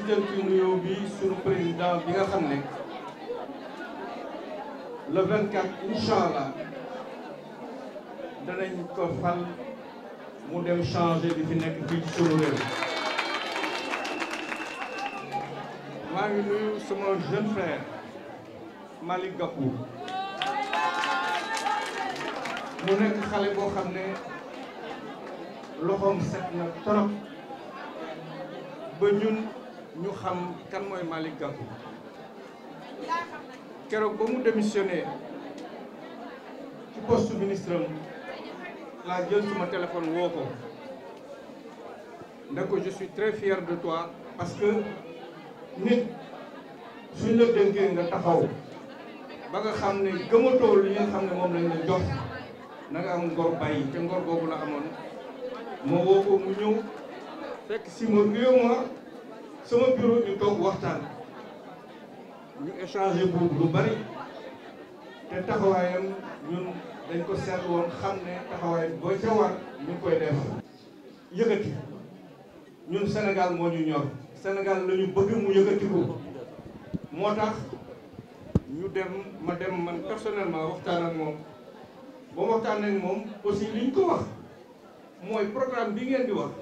jiital ci nuyoo bi suñu président bi nga xam ne le 24 incha allah danañ ko fal mu dem changer di fi nekk fii ci suñu réew. maa ngi nuyu sama jeune frère Malick Gakou mu nekk xale boo xam ne loxoom set na trop ba ñun. ñu xam kan mooy Malick Gakou keroog ba mu démissionné ci poste ministre am laa jël suma téléphone woo ko ne ko je suis très fier de toi parce que nit suñ la dénkee nga taxaw ba nga xam ne gëmatoo li nga xam ne moom lañ la jox na nga am ngor bàyyi te ngor boobu la amoon moo woo ko mu ñëw fekk si ma réew ma sama bureau ñu toog waxtaan ñu échanger boobu lu bari te taxawaayam ñun dañ ko seetlu woon xam ne taxawaay boo ca war ñu koy def yëkkati ñun Sénégal moo ñu ñor Sénégal la ñu bëgg mu yëkkati ko moo tax ñu dem ma dem man personnellement waxtaan ak moom ba waxtaan ak moom aussi li ñu ko wax mooy programme bi ngeen di wax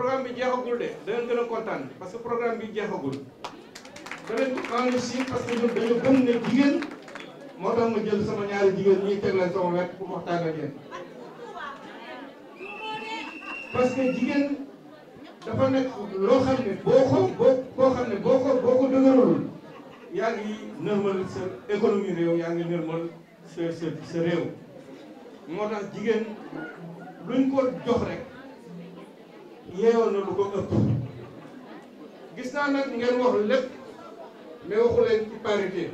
programme bi jeexagul de danañ gën a kontaan parce que programme bi jeexagul danañ enrichir parce que ñun dañu gëm jigéen moo tax ma jël sama ñaari jigéen ñuy teg leen sama wet pour waxtaan que jigéen dafa yaa ngi normal sa économie réew yaa ngi normal sa sa sa réew moo tax jigéen luñ ko jox rek. yeewoon na lu ko ëpp gis naa nag ngeen wax lépp mais waxu ci parité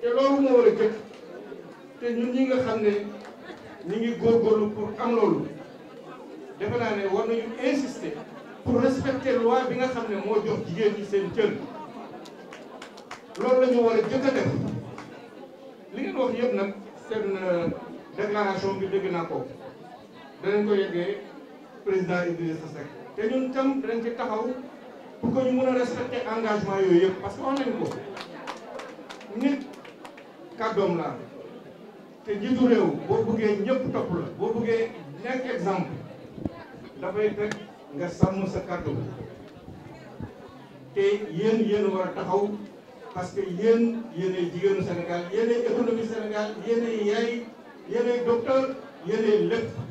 te loolu moo war a jëkk te ñun ñi nga xam ne ñu ngi góorgóorlu pour am loolu defe naa ne war nañu insister pour respecter loi bi nga xam ne moo jox jigéen ñi seen cër loolu la ñu war a jëkk a def li ngeen wax yëpp nag seen euh, déclaration bi dégg naa ko danañ ko yeggee. président Idrissa Seck te ñun tam dañ ci taxaw pour que ñu mën a respecter engagement yooyu yëpp parce que wax nañ ko nit kàddoom la te njiitu réew boo bëggee ñëpp topp la boo bëggee nekk exemple dafay fekk nga sàmm sa kàddu te yéen yéen war a taxaw parce que yéen yéenay jigéenu Sénégal yéenay économie Sénégal yéenay yaay yéenay docteur yéenay lépp